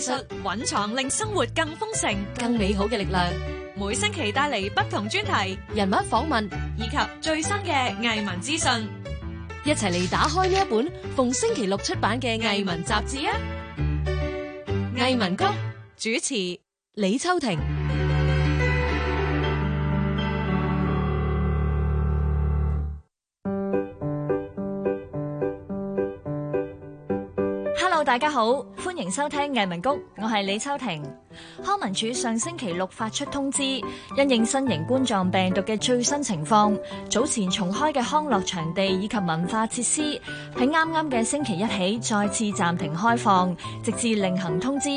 蘊藏令生活更豐盛更美好嘅力量，每星期帶嚟不同專題人物訪問，以及最新嘅藝文資訊。大家好，歡迎收聽藝文谷，我係李秋婷。康文署上星期六發出通知，因應新型冠狀病毒嘅最新情況，早前重開嘅康樂場地以及文化設施，喺啱啱嘅星期一起再次暫停開放，直至另行通知。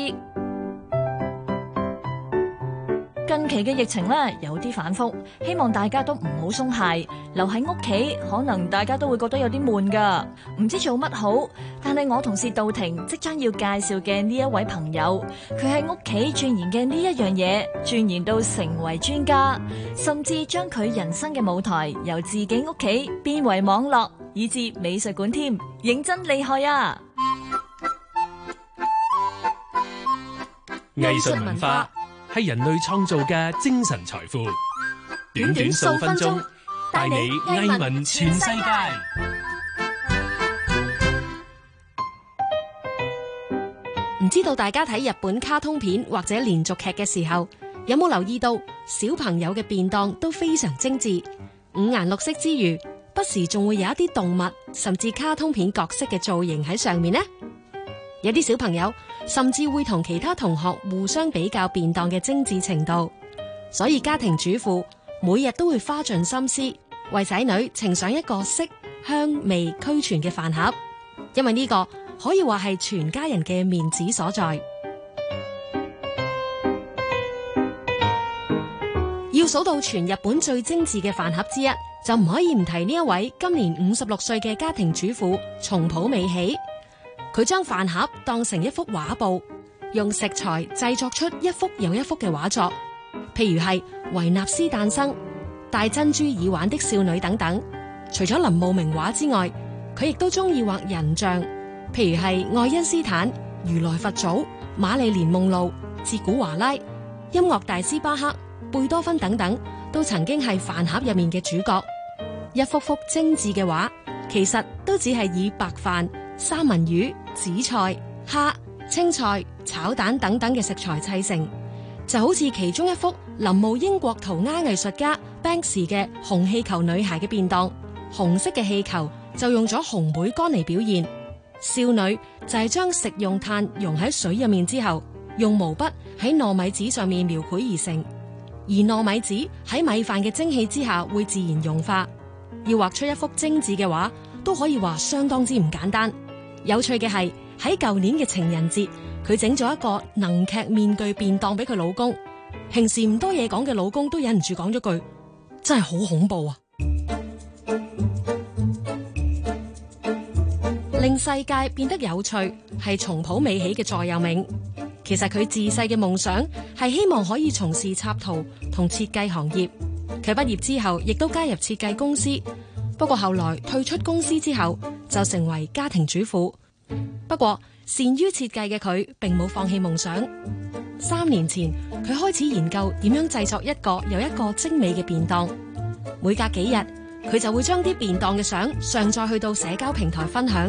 近期嘅疫情咧有啲反覆希望大家都唔好鬆懈，留喺屋企。可能大家都會覺得有啲悶噶，唔知做乜好。但係我同事杜婷即將要介紹嘅呢一位朋友，佢喺屋企鑽研嘅呢一樣嘢，鑽研到成為專家，甚至將佢人生嘅舞台由自己屋企變為網絡，以至美術館添，認真厲害啊！藝術文化係人類創造嘅精神財富。短短數分鐘，帶你藝文全世界。唔知道，大家睇日本卡通片或者連續劇嘅時候，有冇留意到小朋友嘅便當都非常精緻，五顏六色之餘，不時仲會有一啲動物甚至卡通片角色嘅造型喺上面呢？有啲小朋友甚至會同其他同學互相比較便當嘅精致程度，所以家庭主婦每日都會花盡心思為仔女呈上一個色香味俱全嘅飯盒，因為呢個可以話係全家人嘅面子所在。要數到全日本最精致嘅飯盒之一，就唔可以唔提呢一位今年五十六歲嘅家庭主婦松浦美喜。佢將飯盒當成一幅畫布，用食材製作出一幅又一幅嘅畫作，譬如係維納斯誕生、戴珍珠耳環的少女等等。除咗臨摹名畫之外，佢亦都中意畫人像，譬如係愛因斯坦、如來佛祖、瑪麗蓮夢露、自古華拉、音樂大師巴克、貝多芬等等，都曾經係飯盒入面嘅主角。一幅幅精緻嘅畫，其實都只係以白飯、三文魚、紫菜、蝦、青菜、炒蛋等等嘅食材砌成，就好似其中一幅臨摹英國塗鴉藝術家 Banksy 嘅《紅氣球女孩》嘅便當。紅色嘅氣球就用咗紅莓乾嚟表現，少女就係將食用炭溶喺水入面之後，用毛筆喺糯米紙上面描繪而成。而糯米紙喺米飯嘅蒸汽之下會自然融化。要畫出一幅精致嘅畫，都可以話相當之唔簡單。有趣嘅係，喺舊年嘅情人節，佢整咗一個能劇面具便當俾佢老公。平時唔多嘢講嘅老公都忍唔住講咗句：真係好恐怖啊！令世界變得有趣，係松浦美喜嘅座右銘。其實佢自細嘅夢想係希望可以從事插圖同設計行業。佢畢業之後，亦都加入設計公司。不過後來退出公司之後。就成為家庭主婦，不過善於設計嘅佢，並冇放棄夢想。三年前，佢開始研究點樣製作一個又一個精美嘅便當。每隔幾日，佢就會將啲便當嘅相上載去到社交平台分享。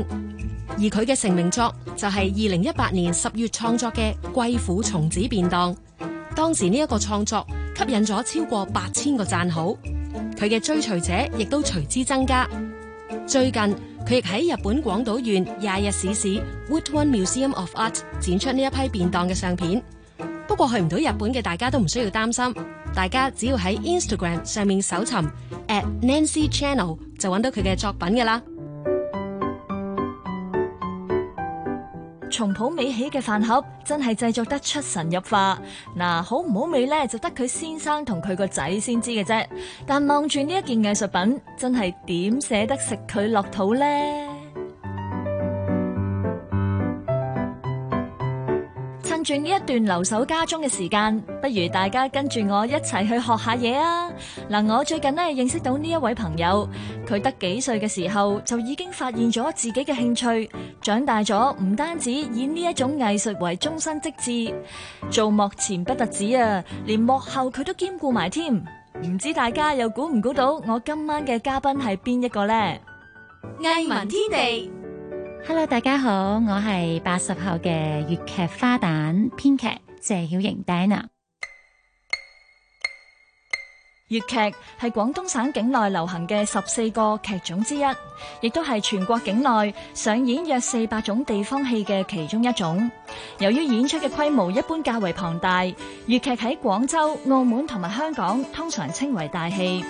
而佢嘅成名作就係二零一八年十月創作嘅《貴婦松子便當》。當時呢一個創作吸引咗超過八千個讚好，佢嘅追隨者亦都隨之增加。最近。佢亦喺日本廣島縣廿日市市 Wood One Museum of Art 展出呢一批便當嘅相片，不過去唔到日本嘅大家都唔需要擔心，大家只要喺 Instagram 上面搜尋 at Nancy Channel，就揾到佢嘅作品㗎喇。松浦美起嘅飯盒真係製作得出神入化。嗱，好唔好味咧？就得佢先生同佢個仔先知嘅啫。但望住呢一件藝術品，真係點捨得食佢落肚咧？住呢一段留守家中嘅時間，不如大家跟住我一齊去學下嘢啊！嗱，我最近呢認識到呢一位朋友，佢得幾歲嘅時候就已經發現咗自己嘅興趣，長大咗唔單止以呢一種藝術為終身職志，做幕前不特止啊，連幕後佢都兼顧埋添。唔知大家又估唔估到我今晚嘅嘉賓係邊一個呢？藝文天地。Hello，大家好，我係八十後嘅粵劇花旦編劇謝曉瑩 Diana。粵劇係廣東省境內流行嘅十四個劇種之一，亦都係全國境內上演約四百種地方戲嘅其中一種。由於演出嘅規模一般較為龐大，粵劇喺廣州、澳門同埋香港通常稱為大戲。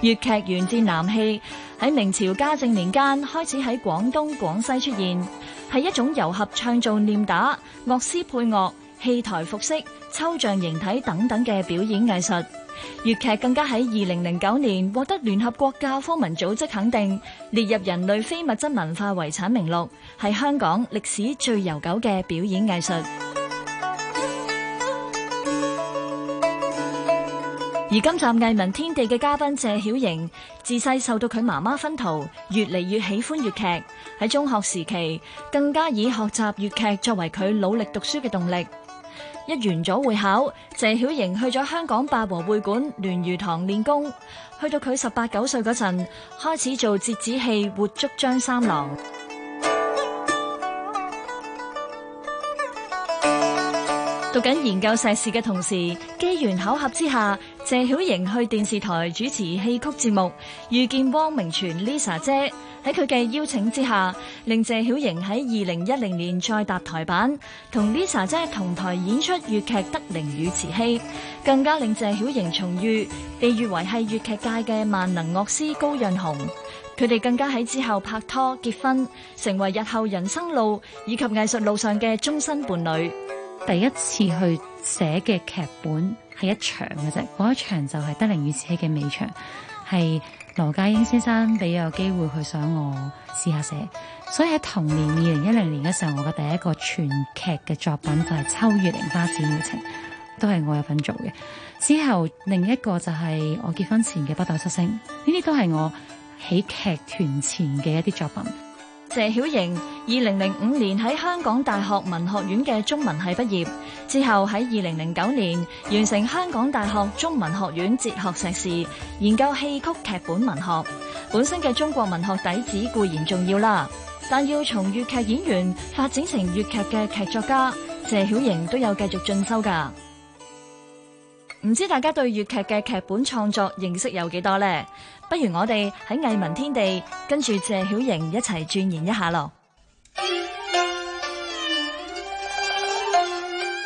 粵劇源自南戲。喺明朝嘉靖年間開始喺廣東廣西出現，係一種由唱做念打、樂師配樂、戲台服飾、抽象形體等等嘅表演藝術。粵劇更加喺2009年獲得聯合國教科文組織肯定，列入人類非物質文化遺產名錄，係香港歷史最悠久嘅表演藝術。而今集藝文天地嘅嘉賓謝曉瑩，自細受到佢媽媽熏陶，越嚟越喜歡粵劇。喺中學時期，更加以學習粵劇作為佢努力讀書嘅動力。一完咗會考，謝曉瑩去咗香港百和會館聯誼堂練功。去到佢十八九歲嗰陣，開始做折子戲《活捉張三郎》。讀緊研究碩士嘅同時，機緣巧合之下，謝曉瑩去電視台主持戲曲節目，遇見汪明荃 Lisa 姐。喺佢嘅邀請之下，令謝曉瑩喺二零一零年再踏台板，同 Lisa 姐同台演出粵劇《德齡與慈禧》，更加令謝曉瑩重遇被譽為係粵劇界嘅萬能樂師高潤鴻。佢哋更加喺之後拍拖結婚，成為日後人生路以及藝術路上嘅終身伴侶。第一次去寫嘅劇本係一場嘅啫，嗰一場就係《德齡與慈禧》嘅尾場，係羅家英先生俾我有機會去想我試下寫，所以喺同年二零一零年嘅時候，我嘅第一個全劇嘅作品就係《秋月零花展》，剪情，都係我有份做嘅。之後另一個就係我結婚前嘅《北斗七星》，呢啲都係我喺劇團前嘅一啲作品。謝曉瑩，二零零五年喺香港大學文學院嘅中文系畢業，之後喺二零零九年完成香港大學中文學院哲學碩士，研究戲曲劇本文學。本身嘅中國文學底子固然重要啦，但要從粵劇演員發展成粵劇嘅劇作家，謝曉瑩都有繼續進修噶。唔知大家對粵劇嘅劇本創作認識有幾多呢？不如我哋喺藝文天地跟住謝曉瑩一齊鑽研一下咯。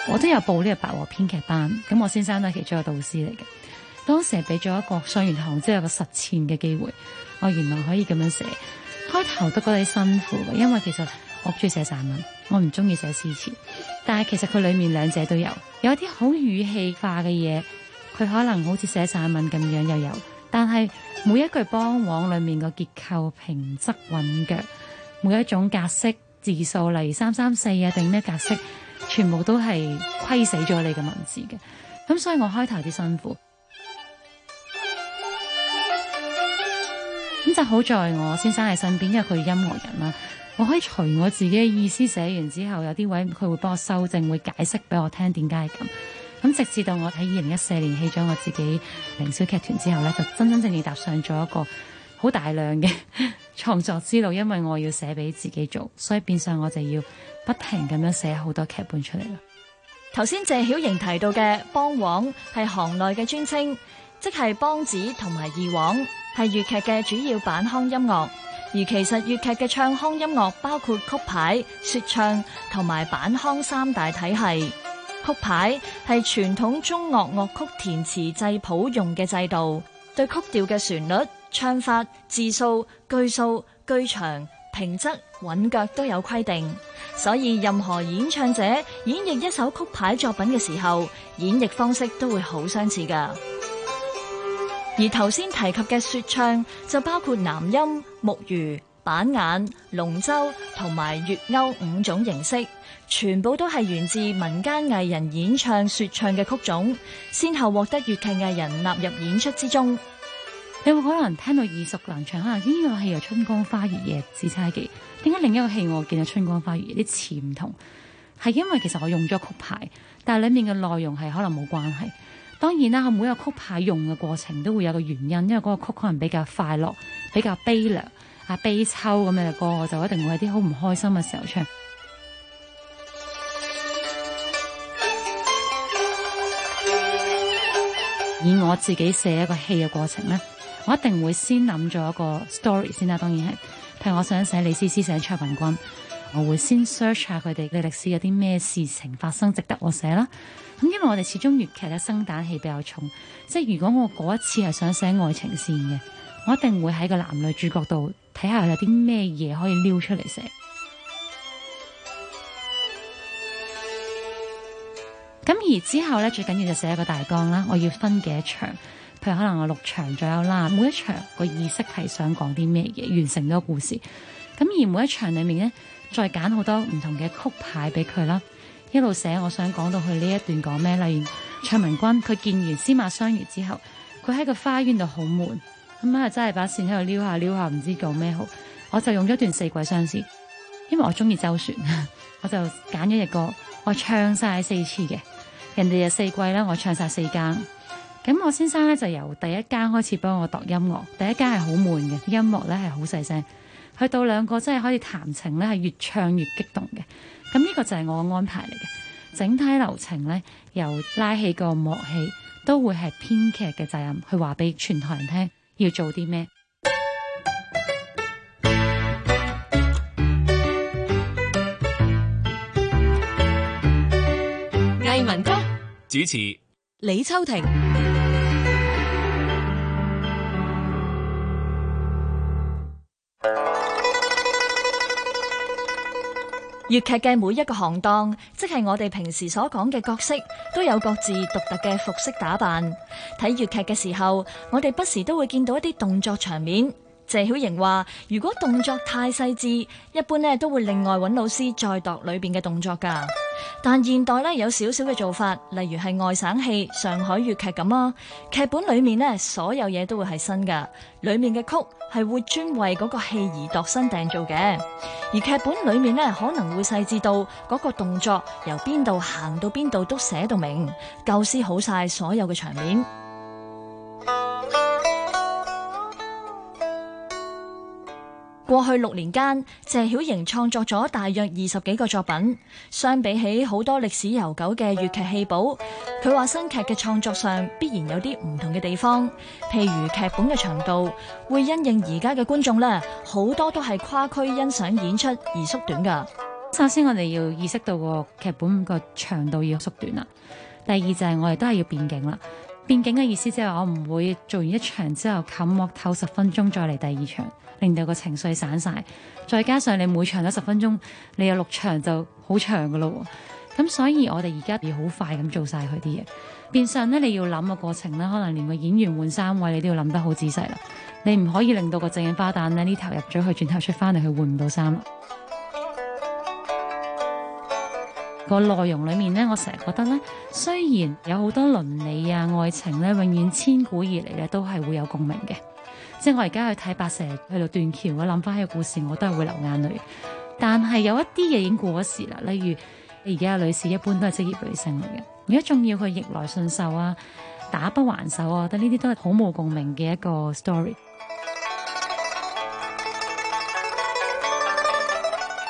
我都有報呢個白禾編劇班，咁我先生都係其中一個導師嚟嘅。當時係俾咗一個上完堂即係有個實踐嘅機會，我原來可以咁樣寫，開頭都覺得辛苦，因為其實我中意寫散文，我唔中意寫詩詞，但係其實佢裏面兩者都有，有一啲好語氣化嘅嘢，佢可能好似寫散文咁樣又有。但係每一句梆黃裏面個結構平仄韻腳，每一種格式字數，例如三三四啊，定咩格式，全部都係虧死咗你嘅文字嘅。咁所以我開頭有啲辛苦。咁就好在我先生喺身邊，因為佢係音樂人啦，我可以隨我自己嘅意思寫完之後，有啲位佢會幫我修正，會解釋俾我聽點解係咁。咁直至到我喺二零一四年起咗我自己凌霄劇團之後咧，就真真正正踏上咗一個好大量嘅創作之路，因為我要寫俾自己做，所以變相我就要不停咁樣寫好多劇本出嚟啦。頭先謝曉瑩提到嘅梆黃係行內嘅專稱，即係梆子同埋二黃係粵劇嘅主要板腔音樂，而其實粵劇嘅唱腔音樂包括曲牌、說唱同埋板腔三大體系。曲牌係傳統中樂樂曲填詞製譜用嘅制度，對曲調嘅旋律、唱法、字數、句數、句長、平仄、韻腳都有規定，所以任何演唱者演繹一首曲牌作品嘅時候，演繹方式都會好相似噶。而頭先提及嘅說唱就包括南音、木魚、板眼、龍舟同埋粵謳五種形式，全部都係源自民間藝人演唱說唱嘅曲種，先後獲得粵劇藝人納入演出之中。你會可能聽到耳熟能詳？可能呢個係由《春光花月夜》、《紫釵記》？點解另一個戲我見到《春光花月夜的前》啲詞唔同？係因為其實我用咗曲牌，但係裏面嘅內容係可能冇關係。當然啦，我每個曲牌用嘅過程都會有個原因，因為嗰個曲可能比較快樂，比較悲涼。啊悲秋咁樣嘅歌，我就一定會喺啲好唔開心嘅時候唱。 以我自己寫一個戲嘅過程咧，我一定會先諗咗一個 story 先啦、啊。當然係，譬如我想寫李師師寫卓文君，我會先 search 下佢哋嘅歷史有啲咩事情發生，值得我寫啦。咁因為我哋始終粵劇嘅生旦戲比較重，即係如果我嗰一次係想寫愛情線嘅，我一定會喺個男女主角度。睇下有啲咩嘢可以撩出嚟寫，咁而之後咧最緊要就寫一個大綱啦。我要分幾場，譬如可能我六場左右啦。每一場個意識係想講啲咩嘢，完成咗個故事。咁而每一場裏面咧，再揀好多唔同嘅曲牌俾佢啦。一路寫，我想講到佢呢一段講咩？例如卓文君佢見完司馬相如之後，佢喺個花園度好悶。咁啊，真係把線喺度撩下撩下，唔知講咩好。我就用咗段四季相思，因為我中意周旋，我就揀咗一個我唱晒四次嘅人哋就四季啦。我唱晒四間。咁我，我先生咧就由第一間開始幫我度音樂，第一間係好悶嘅，音樂咧係好細聲，去到兩個真係可以談情，咧，係越唱越激動嘅。咁呢個就係我安排嚟嘅整體流程咧，由拉起個幕戲都會係編劇嘅責任去話俾全台人聽。要做啲咩？藝文谷主持，李秋婷。粵劇嘅每一個行當，即係我哋平時所講嘅角色，都有各自獨特嘅服飾打扮。睇粵劇嘅時候，我哋不時都會見到一啲動作場面。謝曉瑩話：如果動作太細緻，一般呢都會另外揾老師再度裏邊嘅動作噶。但現代咧有少少嘅做法，例如係外省戲、上海粵劇咁啊，劇本裏面咧所有嘢都會係新噶，裏面嘅曲係會專為嗰個戲而度身訂造嘅，而劇本裏面咧可能會細緻到嗰個動作由邊度行到邊度都寫到明，構思好晒所有嘅場面。過去六年間，謝曉瑩創作咗大約二十幾個作品。相比起好多歷史悠久嘅粵劇戲寶，佢話新劇嘅創作上必然有啲唔同嘅地方。譬如劇本嘅長度，會因應而家嘅觀眾呢，好多都係跨區欣賞演出而縮短㗎。首先，我哋要意識到個劇本個長度要縮短啦。第二就係我哋都係要變景啦。變景嘅意思即係我唔會做完一場之後冚幕，唞十分鐘再嚟第二場，令到個情緒散晒。再加上你每場都十分鐘，你有六場就好長噶咯。咁所以我哋而家要好快咁做晒佢啲嘢，變相咧你要諗嘅過程咧，可能連個演員換衫位你都要諗得好仔細啦。你唔可以令到個正印花旦咧呢頭入咗去，轉頭出翻嚟佢換唔到衫。個內容裏面咧，我成日覺得咧，雖然有好多倫理啊、愛情咧，永遠千古以嚟咧都係會有共鳴嘅。即係我而家去睇白蛇去到斷橋，我諗翻起個故事，我都係會流眼淚。但係有一啲嘢已經過咗時啦，例如而家女士一般都係職業女性嚟嘅，如果仲要佢逆來順受啊，打不還手啊，我覺得呢啲都係好冇共鳴嘅一個 story。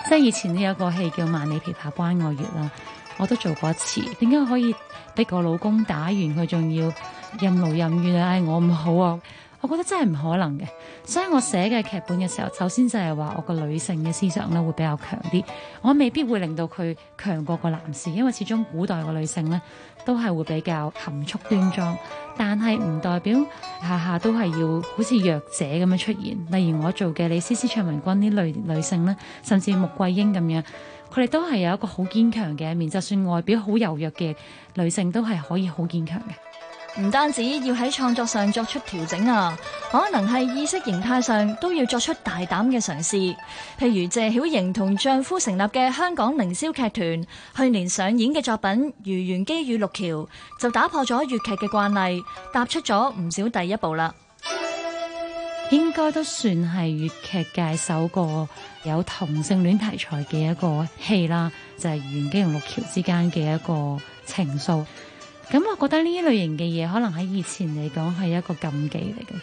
即係以前呢有個戲叫《萬里琵琶關外月》啦，我都做過一次。點解可以畀個老公打完佢仲要任勞任怨啊？哎，我唔好啊！我覺得真係唔可能嘅，所以我寫嘅劇本嘅時候，首先就係話我個女性嘅思想咧，會比較強啲，我未必會令到佢強過個男士，因為始終古代個女性咧，都係會比較含蓄端莊，但係唔代表下下都係要好似弱者咁樣出現。例如我做嘅李師師、卓文君呢類女性，甚至穆桂英咁樣，佢哋都係有一個好堅強嘅一面。就算外表好柔弱嘅女性，都係可以好堅強嘅。唔單止要喺創作上作出調整啊，可能係意識形態上都要作出大膽嘅嘗試。譬如謝曉瑩同丈夫成立嘅香港凌霄劇團，去年上演嘅作品《魚玄機與綠翹》，就打破咗粵劇嘅慣例，踏出咗唔少第一步啦。應該都算係粵劇界首個有同性戀題材嘅一個戲啦，就係魚玄機同綠翹之間嘅一個情愫。咁我覺得呢一類型嘅嘢，可能喺以前嚟講係一個禁忌嚟嘅，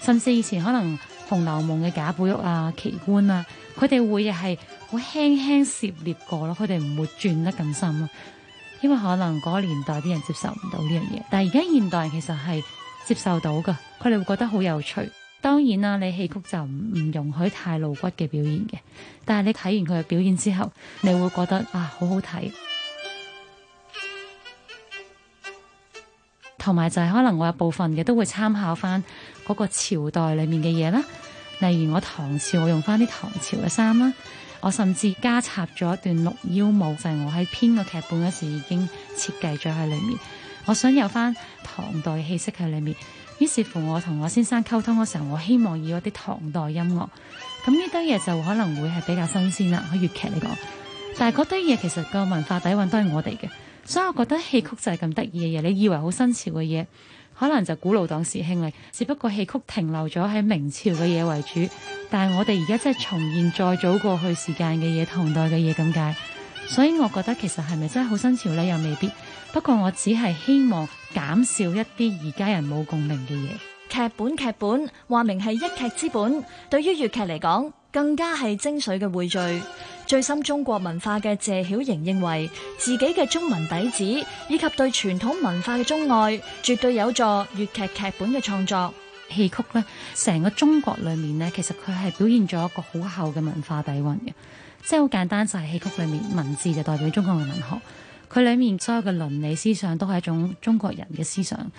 甚至以前可能《紅樓夢》嘅賈寶玉啊、琪官啊，佢哋會係好輕輕涉獵過咯，佢哋唔會轉得咁深咯。因為可能嗰年代啲人接受唔到呢樣嘢，但係而家現代人其實係接受到噶，佢哋會覺得好有趣。當然啦，你戲曲就唔容許太露骨嘅表演嘅，但係你睇完佢嘅表演之後，你會覺得啊，好好睇。同埋就係可能我有一部分嘅都會參考翻嗰個朝代裏面嘅嘢啦，例如我唐朝，我用翻啲唐朝嘅衫啦，我甚至加插咗一段綠腰舞，就係、是、我喺編個劇本嗰時候已經設計咗喺裏面。我想有翻唐代氣息喺裏面，於是乎我同我先生溝通嗰時候，我希望要一啲唐代音樂。咁呢堆嘢就可能會係比較新鮮啦，喺粵劇嚟講。但係嗰堆嘢其實個文化底藴都係我哋嘅。所以我覺得戲曲就係咁得意嘅嘢，你以為好新潮嘅嘢，可能就古老當時興嚟，只不過戲曲停留咗喺明朝嘅嘢為主，但係我哋而家真係重現再早過去時間嘅嘢，唐代嘅嘢咁解，所以我覺得其實係咪真係好新潮呢？又未必。不過我只係希望減少一啲而家人冇共鳴嘅嘢。劇本劇本，話明係一劇之本，對於粵劇嚟講，更加係精髓嘅匯聚。最深中國文化嘅謝曉瑩認為，自己嘅中文底子以及對傳統文化嘅鍾愛，絕對有助粵劇劇本嘅創作。戲曲咧，成個中國裏面呢，其實佢係表現咗一個好厚嘅文化底蘊嘅，即係好簡單就係戲曲裏面文字就代表中國嘅文學，佢裏面所有嘅倫理思想都係一種中國人嘅思想。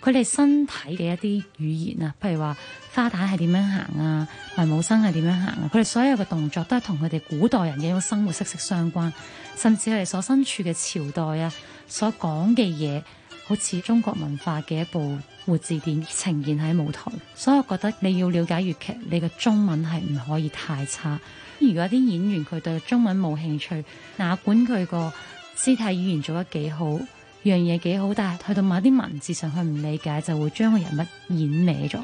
佢哋身體嘅一啲語言啊，譬如話花旦係點樣行啊，文武生係點樣行啊，佢哋所有嘅動作都係同佢哋古代人嘅生活息息相關，甚至佢哋所身處嘅朝代啊，所講嘅嘢，好似中國文化嘅一部活字典呈現喺舞台。所以我覺得你要了解粵劇，你嘅中文係唔可以太差。如果啲演員佢對中文冇興趣，那管佢個肢體語言做得幾好。樣嘢幾好，但係去到某啲文字上去唔理解，就會將個人物演歪咗。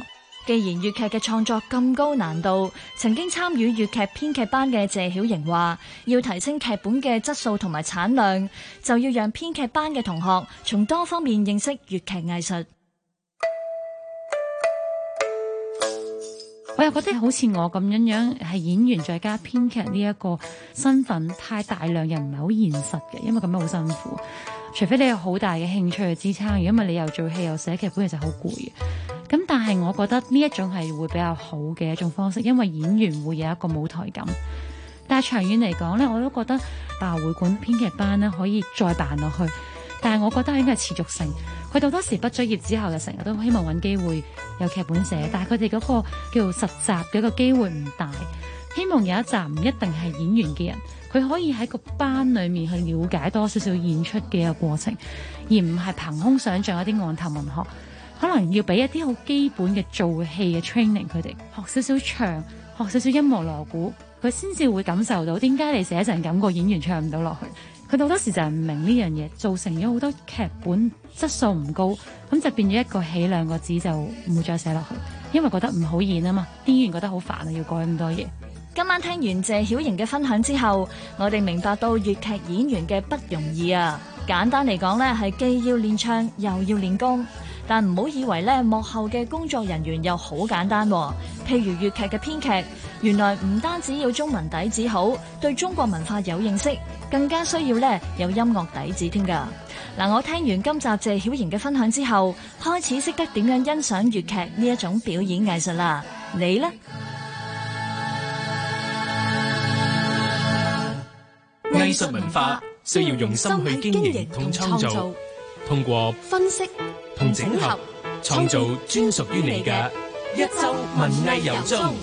既然粵劇嘅創作咁高難度，曾經參與粵劇編劇班嘅謝曉瑩話，要提升劇本嘅質素同埋產量，就要讓編劇班嘅同學從多方面認識粵劇藝術。 我又覺得好似我咁樣樣係演員再加編劇呢一個身份，太大量又唔係好現實嘅，因為咁樣好辛苦。除非你有好大嘅興趣去支撐，如果你又做戲又寫劇本，其實好攰嘅。咁但係我覺得呢一種係會比較好嘅一種方式，因為演員會有一個舞台感。但係長遠嚟講呢我都覺得八和會館編劇班呢可以再辦落去。但係我覺得應該持續性。佢到當時畢咗業之後，就成日都希望揾機會有劇本寫。但係佢哋嗰個叫實習嘅嗰個機會唔大。希望有一集唔一定係演員嘅人。佢可以喺個班裏面去了解多少少演出嘅一個過程，而唔係憑空想像一啲案頭文學。可能要俾一啲好基本嘅做戲嘅 training，佢哋學少少唱，學少少音樂、鑼鼓，佢先至會感受到點解你寫一陣感覺演員唱唔到落去。佢好多時就係唔明呢樣嘢，造成咗好多劇本質素唔高，咁就變咗一個起兩個字就唔會再寫落去，因為覺得唔好演啊嘛。啲演員覺得好煩啊，要改咁多嘢。今晚聽完謝曉瑩嘅分享之後，我哋明白到粵劇演員嘅不容易啊！簡單嚟講咧，係既要練唱又要練功。但唔好以為咧幕後嘅工作人員又好簡單啊，譬如粵劇嘅編劇，原來唔單止要中文底子好，對中國文化有認識，更加需要咧有音樂底子添噶。嗱，我聽完今集謝曉瑩嘅分享之後，開始識得點樣欣賞粵劇呢一種表演藝術啦。你呢？藝術文化，文化需要用心去經營同創，創造，通過分析同整合，創造專屬於你嘅一周文藝遊蹤。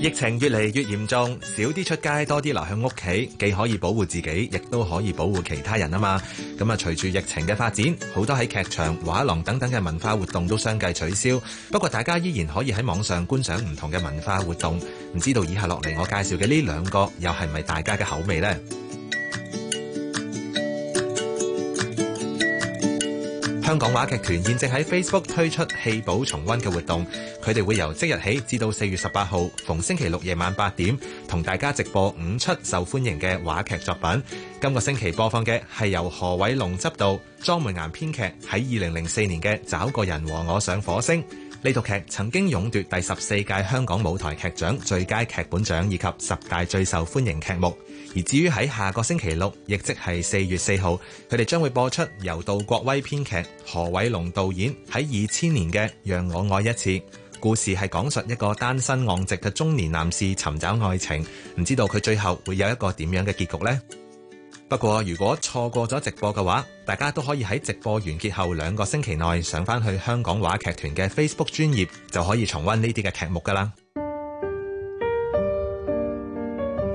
疫情越嚟越嚴重，少啲出街，多啲留喺屋企，既可以保護自己，亦都可以保護其他人啊嘛！咁啊，隨住疫情嘅發展，好多喺劇場、畫廊等等嘅文化活動都相繼取消。不過，大家依然可以喺網上觀賞唔同嘅文化活動。唔知道以下落嚟我介紹嘅呢兩個，又係咪大家嘅口味呢？香港話劇團現正喺 Facebook 推出戲寶重温嘅活動，佢哋會由即日起至到四月十八號，逢星期六夜晚八點，同大家直播五出受歡迎嘅話劇作品。今個星期播放嘅係由何偉龍執導、莊梅岩編劇喺二零零四年嘅《找個人和我上火星》，呢套劇曾經勇奪第十四屆香港舞台劇獎最佳劇本獎以及十大最受歡迎劇目。而至於喺下個星期六，亦即係四月四號，佢哋將會播出由杜國威編劇、何偉龍導演喺二千年嘅《讓我愛一次》。故事係講述一個單身戇直嘅中年男士尋找愛情，唔知道佢最後會有一個點樣嘅結局呢？不過，如果錯過咗直播嘅話，大家都可以喺直播完結後兩個星期內上翻去香港話劇團嘅 Facebook 專頁，就可以重温呢啲嘅劇目噶啦。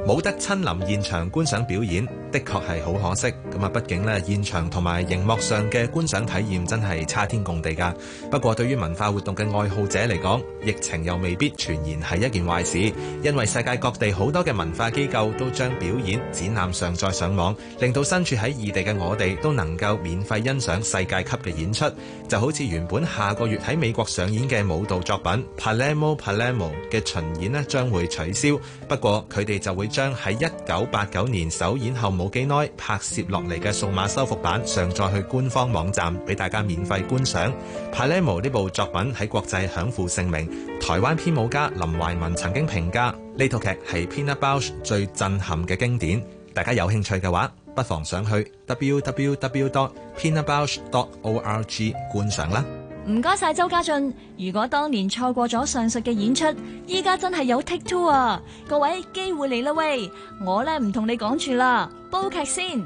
冇得親臨現場觀賞表演。的確係好可惜，咁啊，畢竟咧現場同埋熒幕上嘅觀賞體驗真係差天共地噶。不過對於文化活動嘅愛好者嚟講，疫情又未必全然係一件壞事，因為世界各地好多嘅文化機構都將表演展覽上載上網，令到身處喺異地嘅我哋都能夠免費欣賞世界級嘅演出。就好似原本下個月喺美國上演嘅舞蹈作品《Palermo Palermo》嘅巡演咧將會取消，不過佢哋就會將喺1989年首演後。冇幾耐，拍攝落嚟嘅數碼修復版，上載去官方網站俾大家免費觀賞。Palermo 呢部作品喺國際享負盛名，台灣編舞家林懷民曾經評價呢套劇係 Pina Bausch 最震撼嘅經典。大家有興趣嘅話，不妨上去 www.pinabausch.org 觀賞啦。唔該晒周家俊，如果當年錯過咗上述嘅演出，依家真係有 take two 啊！各位機會嚟啦喂，我咧唔同你講住啦，煲劇先。